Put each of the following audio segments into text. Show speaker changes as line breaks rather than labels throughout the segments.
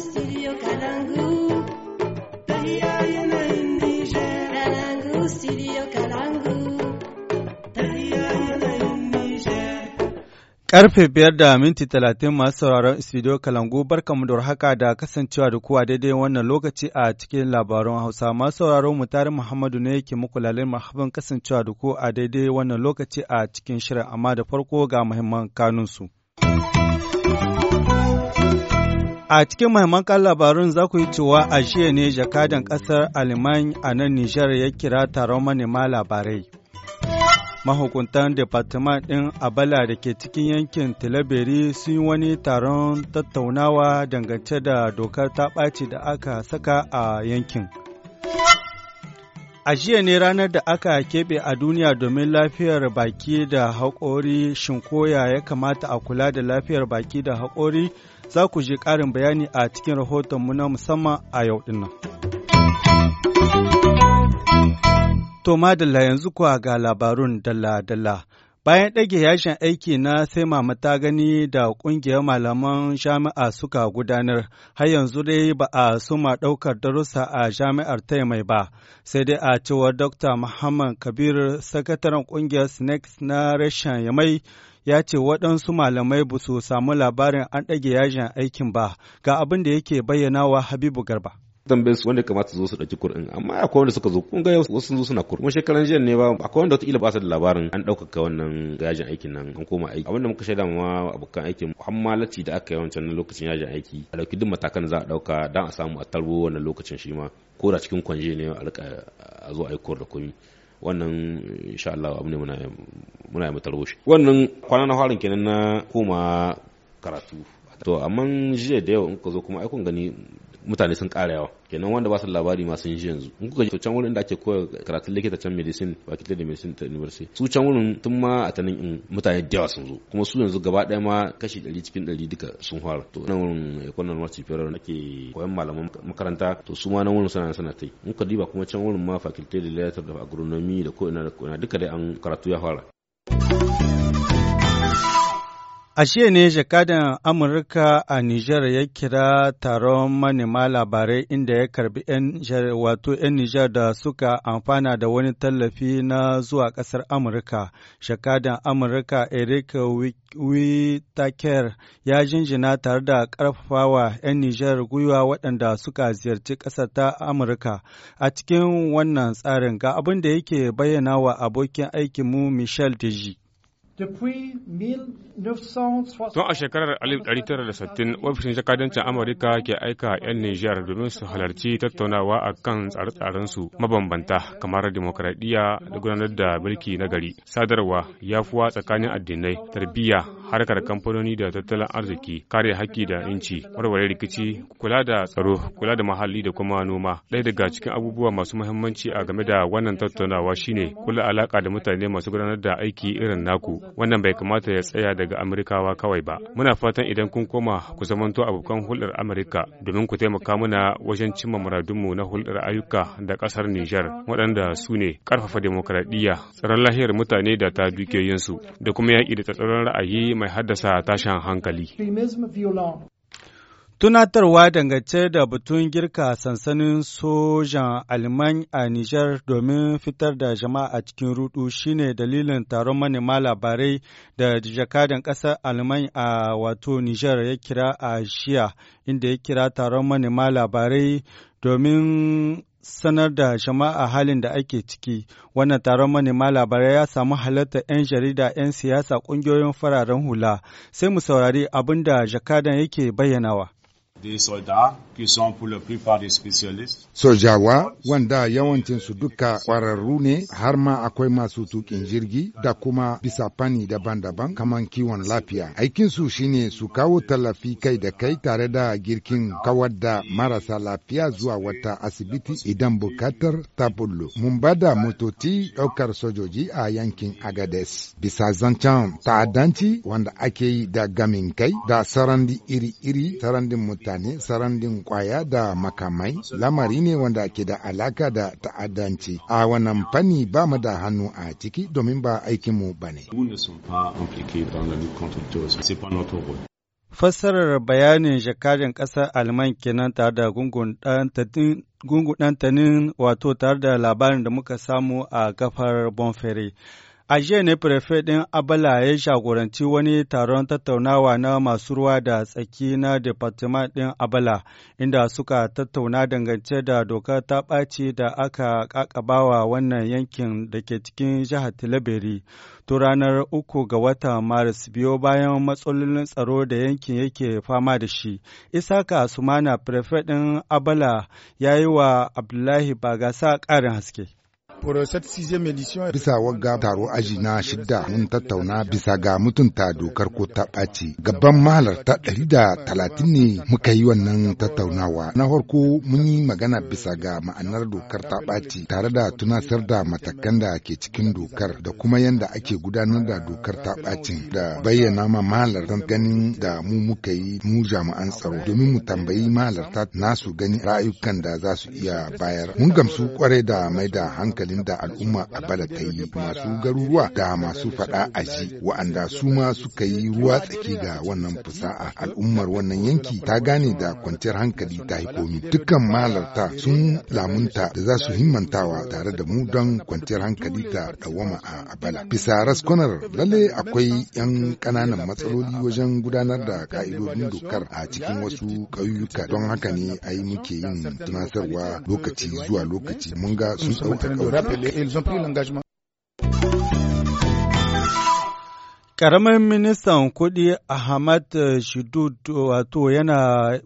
studio Kalangu.
Kalangu Kalangu.
Karfe biyar da minti talatin masu sauraron studio Kalangu barkamu da haka da kasancewa da kuwa daidai wannan lokaci a cikin labarun Hausa. Masu sauraron mu tare Muhammadu ne yake muku lalin mahabban kasancewa da ku a daidai wannan lokaci a cikin shirin amma da farko ga muhimman kanunsu. A cikin mahimman kan labarun za ku yi cewa a shiya ne jakadan ƙasar Aliman a nan Nijar ya kira taron manema labarai. Mahukuntan Departement ɗin Abala da ke cikin yankin Tilaberi sun yi wani taron tattaunawa dangance da dokar ta ɓaci da aka saka a yankin. A jiya ne ranar da aka keɓe a duniya domin lafiyar baki da haƙori koya ya kamata a kula da lafiyar baki da haƙori za ku ji ƙarin bayani a cikin rahotonmu na musamman a yau dinnan. To madalla yanzu kuwa ga labarun dalla-dalla. Bayan ɗage yashin aiki na sai mama ta gani da ƙungiyar malaman jami'a suka gudanar, har yanzu dai ba a suma ɗaukar darussa a jami'ar ta mai ba, sai dai a cewar Dr. Muhammad Kabir, sakataren ƙungiyar Snakes e na reshen Yamai, ya ce waɗansu malamai ba su samu labarin an ɗage yashin aikin ba, ga abin da yake bayyanawa Habibu Garba. tambaye su wanda
kamata zo su ɗauki kur'in amma akwai wanda suka zo kun ga wasu sun zo suna kur kuma shekaran jiya ne ba akwai wanda ila ba su da labarin an ɗaukaka wannan yajin aikin nan an koma aiki abinda muka shaida ma abokan aikin amma lati da aka yi wancan lokacin yajin aiki a ɗauki duk matakan za a ɗauka don a samu a tarbo wannan lokacin shi ma ko da cikin kwanje ne a rika a zo a yi da komi wannan insha Allah abu ne muna muna mu shi wannan kwana na harin kenan na koma karatu to amma jiya da yau in ka zo kuma ai gani mutane sun ƙara yawa kenan wanda ba su labari ma sun ji yanzu in kuka ji can wurin da ake koya karatun likita can medicine faculty da medicine ta university su can wurin tun ma a tanin in mutane da yawa sun zo kuma su yanzu gaba ɗaya ma kashi ɗari cikin ɗari duka sun fara to nan wurin na ma cifiyar nake koyan malaman makaranta to su ma nan wurin suna suna ta yi in kuka ba kuma can wurin ma faculty da letter da agronomy da ko ina da ko ina duka dai an karatu ya fara
A shiya ne jakadan Amurka a Nijar ya kira taron manema labarai inda ya karbi wato 'yan Nijar da suka amfana da wani tallafi na zuwa ƙasar Amurka. Jakadan Amurka Eric Whitaker ya jinjina tare da ƙarfafawa 'yan Nijar gwiwa waɗanda suka ziyarci ƙasar ta Amurka. A cikin wannan tsarin ga abin da yake bayyana wa abokin aikinmu Michel Deji. Tun
a shekarar 1960, ofishin jakadancin Amurka ke aika 'yan Nijar domin su halarci tattaunawa a kan tsare-tsarensu mabambanta kamar demokradiyya da gudanar da mulki na gari, sadarwa, yafuwa tsakanin addinai, tarbiyya, harkar kamfanoni da tattalin arziki, kare haƙƙi da inci, warware rikici, kula da tsaro, kula da muhalli da kuma noma. Ɗaya daga cikin abubuwa masu muhimmanci a game da wannan tattaunawa shine kula alaƙa da mutane masu gudanar da aiki irin naku. Wannan bai kamata ya tsaya daga Amurkawa kawai ba. Muna fatan idan kun koma ku zamanto abokan hulɗar Amurka domin ku taimaka mana wajen cimma muradunmu na hulɗar ayyuka da ƙasar Nijar waɗanda su ne ƙarfafa demokradiyya, tsaron lahiyar mutane da ta dukiyoyinsu da kuma yaƙi da tsatsauran ra'ayi mai haddasa tashin hankali.
Tunatarwa dangance da batun girka sansanin sojan Alman a Nijar domin fitar da jama'a a cikin rudu shine dalilin taron manema labarai da jakadan ƙasar Alman a wato Nijar ya kira a shiya inda ya kira taron manema labarai domin sanar da jama'a halin da ake ciki wannan taron manema labarai ya samu halartar 'yan jarida 'yan siyasa ƙungiyoyin fararen hula sai mu saurari abin da
jakadan yake bayyanawa Sojawa wanda su duka ƙwararru ne har ma akwai masu tukin jirgi da kuma bisa fani daban-daban kamar kiwon lafiya. Aikinsu shine su kawo tallafi kai da kai tare da girkin kawar da marasa lafiya zuwa wata asibiti idan bukatar ta bullo. Mun bada motoci ɗaukar sojoji a yankin Agades. Bisa zancen ta'addanci wanda ake yi da gamin kai da sarandi iri-iri sarandin mutum mutane sarandin kwaya da makamai lamari ne wanda ke da alaka da ta'addanci a wannan fanni ba mu da hannu a ciki domin ba aikinmu ba ne.
Fassarar bayanin jakarin ƙasar Alman kenan tare da gungun ɗan tanin wato tare da labarin da muka samu a kafar Bonferi. A jiya ne firfe ɗin Abala ya shagoranci wani taron tattaunawa na masu ruwa da tsaki na Departement ɗin Abala, inda suka tattauna dangance da dokar ta ɓaci da aka ƙaƙabawa wannan yankin da ke cikin jihar Tilaberi. To ranar uku ga watan Maris biyo bayan matsalolin tsaro da yankin yake fama da shi. Isaka Sumana firfe ɗin Abala ya yi wa Abdullahi Bagasa ƙarin haske.
Bisa wagga taro aji na shidda mun tattauna bisa ga mutunta dokar ko ta ɓaci. Gaban mahalarta ɗari da talatin ne muka yi wannan tattaunawa. Na farko mun yi magana bisa ga ma'anar dokar ta ɓaci tare da tunasar da matakan da ke cikin dokar da kuma yadda ake gudanar da dokar ta ɓacin da bayyana ma mahalartan ganin da mu muka yi mu jami'an tsaro domin mu tambayi mahalarta nasu gani ra'ayukan da za su iya bayar. Mun gamsu kwarai da mai da hankali hankalin da al'umma a bala ta yi masu garuruwa da masu fada a ji wa'anda su ma suka yi ruwa tsaki ga wannan fusa'a al'ummar wannan yanki ta gane da kwanciyar hankali ta yi komi dukkan mahalarta sun lamunta da za su himmantawa tare da mu don kwanciyar hankali ta dawama a abala bisa raskunar lalle akwai 'yan ƙananan matsaloli wajen gudanar da ka'idodin dokar a cikin wasu ƙauyuka don haka ne ai muke yin tunatarwa lokaci zuwa lokaci mun ga sun ɗauka rappelé et ils ont pris l'engagement.
Karamin ministan kuɗi Ahmad eh, Shidud wato yana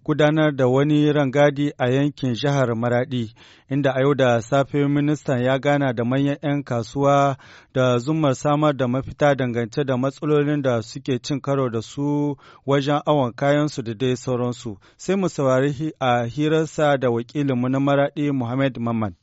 gudanar da wani rangadi a yankin jihar Maradi, inda a yau da safe ministan ya gana da manyan 'yan kasuwa da zumar samar da mafita dangance da matsalolin da suke cin karo da su wajen awon kayansu da dai sauransu. Sai mu saurari a hirarsa da wakilinmu na Maradi Muhammad Mamman.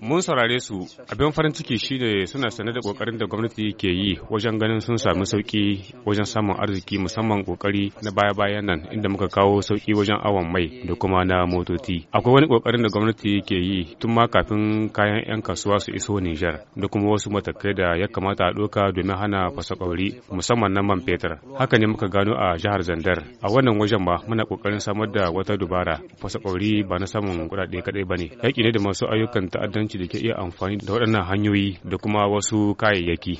Mun saurare su abin farin ciki shine suna sane da kokarin da gwamnati ke yi wajen ganin sun sami sauki wajen samun arziki musamman kokari na baya baya nan inda muka kawo sauki wajen awon mai da kuma na motoci. Akwai wani kokarin da gwamnati ke yi tun ma kafin kayan 'yan kasuwa su iso Nijar da kuma wasu matakai da ya kamata a doka domin hana fasakwauri musamman na man fetur. Haka ne muka gano a jihar Zandar. A wannan wajen ma muna kokarin samar da wata dubara fasakwauri ba na samun kuɗaɗe kaɗai ba ne. Yaƙi ne da masu ayyukan ta'addanci da ke iya amfani da waɗannan hanyoyi da kuma wasu kayayyaki.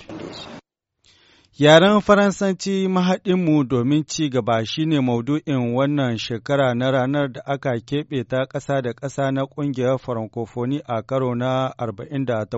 Yaren Faransanci mahaɗinmu domin ci gaba shi ne maudu'in wannan shekara na ranar da aka keɓe ta ƙasa da ƙasa na ƙungiyar Farankofoni a karo na 48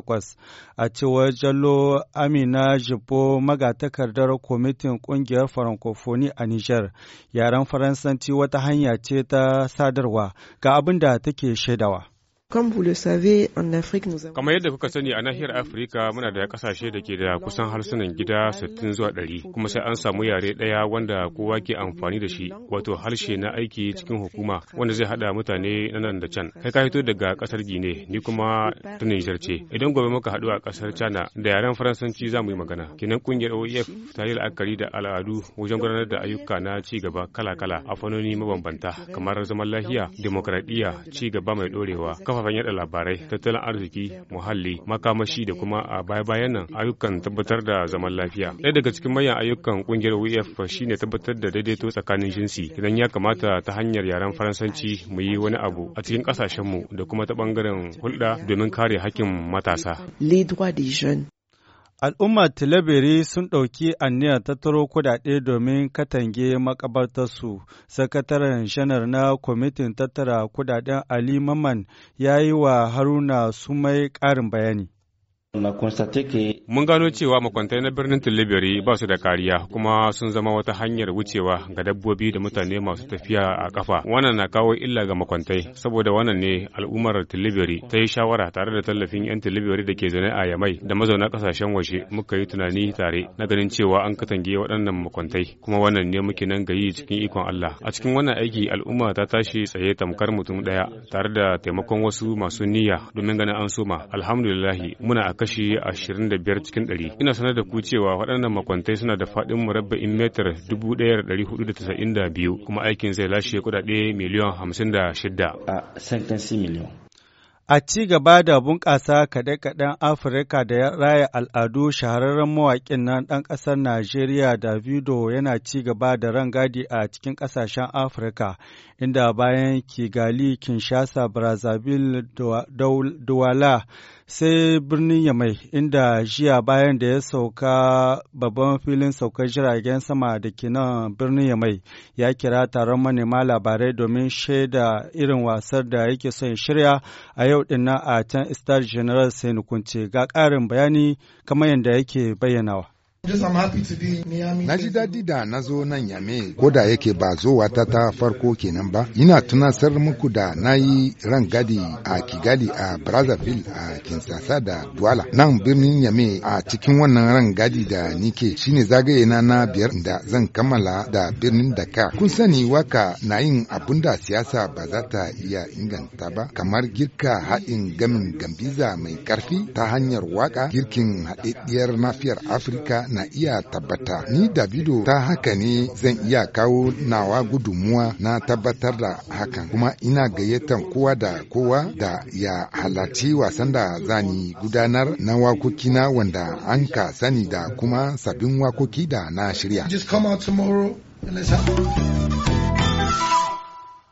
a cewar Jallo Amina Jibo magatakardar kwamitin ƙungiyar Farankofoni a Nijar. Yaren Faransanci wata hanya ce ta sadarwa ga abin da take shaidawa. Kamar
yadda kuka sani a nahiyar Afirka muna da kasashe da ke da kusan harsunan gida 60 zuwa 100 kuma sai an samu yare daya wanda kowa ke amfani da shi wato harshe na aiki cikin hukuma wanda zai haɗa mutane na nan da can. Kai ka fito daga ƙasar Gine ni kuma ta Nijar ce. Idan gobe muka hadu a ƙasar China da yaren Faransanci za mu yi magana. Kenan kungiyar OEF ta yi la'akari da al'adu wajen gudanar da ayyuka na ci gaba kala-kala a fannoni mabambanta kamar zaman lafiya, demokradiyya, ci gaba mai ɗorewa, kafa kafafen yada labarai tattalin arziki muhalli makamashi da kuma a baya-bayan nan ayyukan tabbatar da zaman lafiya ɗaya daga cikin manyan ayyukan kungiyar wf e shine tabbatar da daidaito tsakanin jinsi idan ya kamata ta hanyar yaren faransanci mu yi wani abu a cikin kasashenmu da kuma ta ɓangaren hulɗa domin kare hakkin matasa
Al'ummar Tilabiri sun ɗauki aniyar tattaro kuɗaɗe domin katange makabartarsu. Sakataren shanar na kwamitin tattara kuɗaɗen Ali Maman ya yi wa Haruna Sumai ƙarin bayani.
Mun gano cewa makwantai na birnin Tilibiri ba su da kariya kuma sun zama wata hanyar wucewa ga dabbobi da mutane masu tafiya a kafa. Wannan na kawo illa ga makwantai saboda wannan ne al'ummar Tilibiri ta yi shawara tare da tallafin 'yan Tilibiri da ke zaune a Yamai da mazauna kasashen waje muka yi tunani tare na ganin cewa an katange waɗannan makwantai kuma wannan ne muke nan ga yi cikin ikon Allah. A cikin wannan aiki al'umma ta tashi tsaye tamkar mutum ɗaya tare da taimakon wasu masu niyya domin ganin an soma. Alhamdulillah muna akan kashi 25 cikin 100. Ina sanar da ku cewa waɗannan makwantai suna da faɗin murabba'in metar 1,492 kuma aikin zai lashe kudade miliyan 56.
A ci gaba da bunƙasa kaɗe-kaɗen Afirka da ya raya al'adu shahararren mawaƙin nan ɗan ƙasar Najeriya Davido yana ci gaba da rangadi a cikin ƙasashen Afirka, inda bayan Kigali, Kinshasa, Brazzaville, Douala, sai birnin Yamai inda jiya bayan da ya sauka babban filin saukar jiragen sama da ke nan birnin Yamai ya kira taron manema labarai domin shaida irin wasar da yake son shirya a yau dinna a can Star General sai nukunce ga ƙarin bayani kamar
yadda yake bayyanawa. Na ji daɗi da na zo nan Yame ko da yake ba zowa ta ta farko kenan ba, ina tunasar muku da na yi rangadi a Kigali a Brazzaville a kinsasa da Douala. Nan birnin Yame a cikin wannan rangadi da nike shine zagaye na na biyar da zan kammala da birnin Dakar. Kun sani waka na yin abun da siyasa ba za ta iya inganta ba, kamar girka haɗin gamin gambiza mai ƙarfi ta hanyar waka girkin haɗaɗɗiyar mafiyar Afirka na iya tabbata. Ni Davido ta haka ne zan iya kawo nawa gudunmuwa na tabbatar da hakan kuma ina gayyatan kowa da kowa da ya halarci wasan da zani gudanar na wakokina wanda an ka sani da kuma sabbin wakoki da na shirya.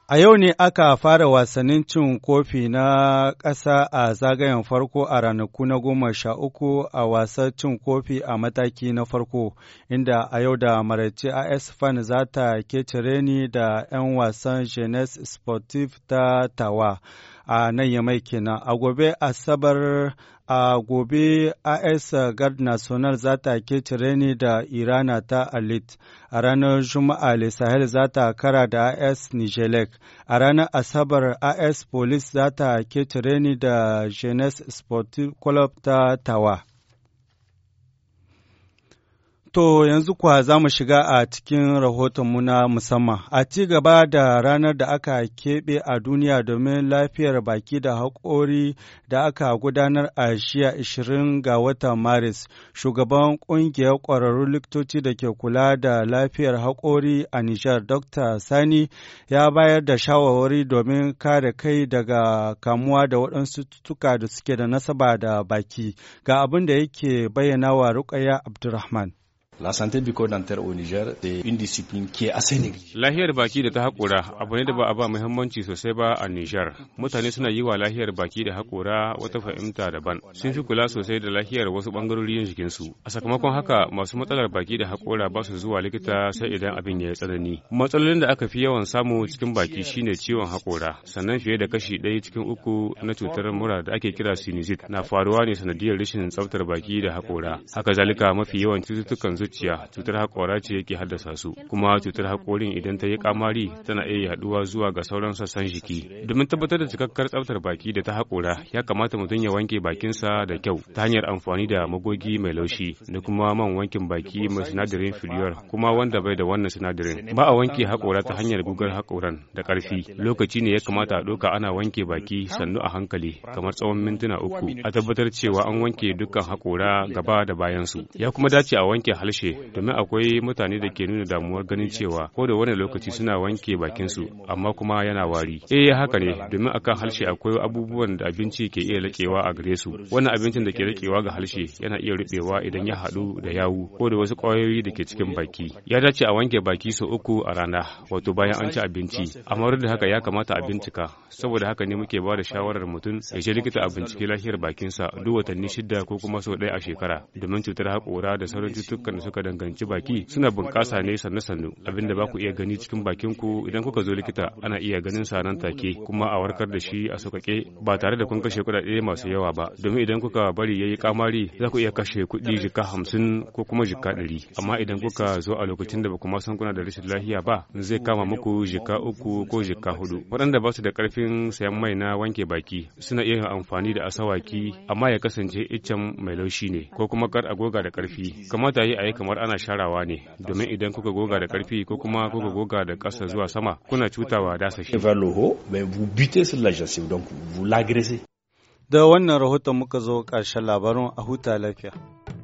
A
yau ne aka fara wasannin cin kofi na ƙasa a zagayen farko a ranaku na goma sha uku a wasan cin kofi a mataki na farko, inda a yau da maraice a Fan za ta kecire ni da 'yan wasan Jeunesse Sportive ta Tawa. a nan ya mai kenan a gobe asabar a gobe AS Guard National za ta cire da Irana ta Alit, a ranar Juma'a Sahel za ta kara da AS Nijelek, a ranar Asabar AS Police za ta cire da Jeunesse Sport Club ta Tawa. To yanzu kuwa za mu shiga a cikin rahotonmu na musamman. A ci gaba da ranar da aka keɓe a duniya domin lafiyar baki da haƙori da aka gudanar a shiya 20 ga watan Maris, shugaban ƙungiyar ƙwararrun likitoci da ke kula da lafiyar haƙori a Nijar, Dr. Sani, ya bayar da shawarwari domin kare kai daga kamuwa da waɗansu cututtuka da suke da nasaba da baki. Ga abin da yake bayyana wa Rukaya Abdulrahman. La santé bucco-dentaire au Niger est une discipline qui est assez négligée.
Lahiyar baki da ta haƙora abu ne da ba a ba muhimmanci sosai ba a Niger. Mutane suna yi wa lahiyar baki da haƙora wata fahimta daban. Sun fi kula sosai da lahiyar wasu ɓangarorin su A sakamakon haka masu matsalar baki da haƙora ba su zuwa likita sai idan abin ya yi tsanani. Matsalolin da aka fi yawan samu cikin baki shine ciwon haƙora, sannan fiye da kashi ɗaya cikin uku na cutar mura da ake kira sinizit na faruwa ne sanadiyar rashin tsaftar baki da haƙora. Haka zalika mafi yawan cututtukan zuciya cutar haƙora ce yake haddasa su kuma cutar haƙorin idan ta yi kamari tana iya yaɗuwa zuwa ga sauran sassan jiki domin tabbatar da cikakkar tsaftar baki da ta haƙora ya kamata mutum ya wanke bakinsa da kyau ta hanyar amfani da magogi mai laushi da kuma man wankin baki mai sinadarin filiyar kuma wanda bai da wannan sinadarin ba a wanke haƙora ta hanyar gugar haƙoran da ƙarfi lokaci ne ya kamata a ɗauka ana wanke baki sannu a hankali kamar tsawon mintuna uku a tabbatar cewa an wanke dukkan haƙora gaba da bayansu ya kuma dace a wanke hal harshe domin akwai mutane da ke nuna damuwar ganin cewa ko da wani lokaci suna wanke bakin su amma kuma yana wari. Eh haka ne domin akan harshe akwai abubuwan da abinci ke iya laƙewa a gare su. Wannan abincin da ke laƙewa ga harshe yana iya ruɓewa idan ya haɗu da yawu ko da wasu kwayoyi da ke cikin baki. Ya dace a wanke baki sau uku a rana wato bayan an ci abinci. Amma da haka ya kamata a bincika saboda haka ne muke ba da shawarar mutum ya je likita a bincike lafiyar bakinsa duk watanni shida ko kuma sau ɗaya a shekara domin cutar haƙora da sauran cututtukan suka danganci baki suna bunƙasa ne sannu-sannu abin da ba ku iya gani cikin bakin ku idan kuka zo likita ana iya ganin sa nan take kuma a warkar da shi a sauƙaƙe ba tare da kun kashe kuɗaɗe masu yawa ba domin idan kuka bari yayi kamari za ku iya kashe kuɗi jika hamsin ko kuma jika ɗari amma idan kuka zo a lokacin da ba kuma san kuna da rashin lafiya ba zai kama muku jika uku ko jika hudu waɗanda ba su da ƙarfin sayan mai na wanke baki suna iya amfani da asawaki amma ya kasance iccen mai laushi ne ko kuma kar a goga da ƙarfi kamata yi a ai kamar ana sharawa ne domin idan kuka goga da karfi ko kuma kuka goga da ƙasa zuwa sama kuna cutawa dasa shi.
Da wannan rahoton muka zo ƙarshen labarin a huta lafiya.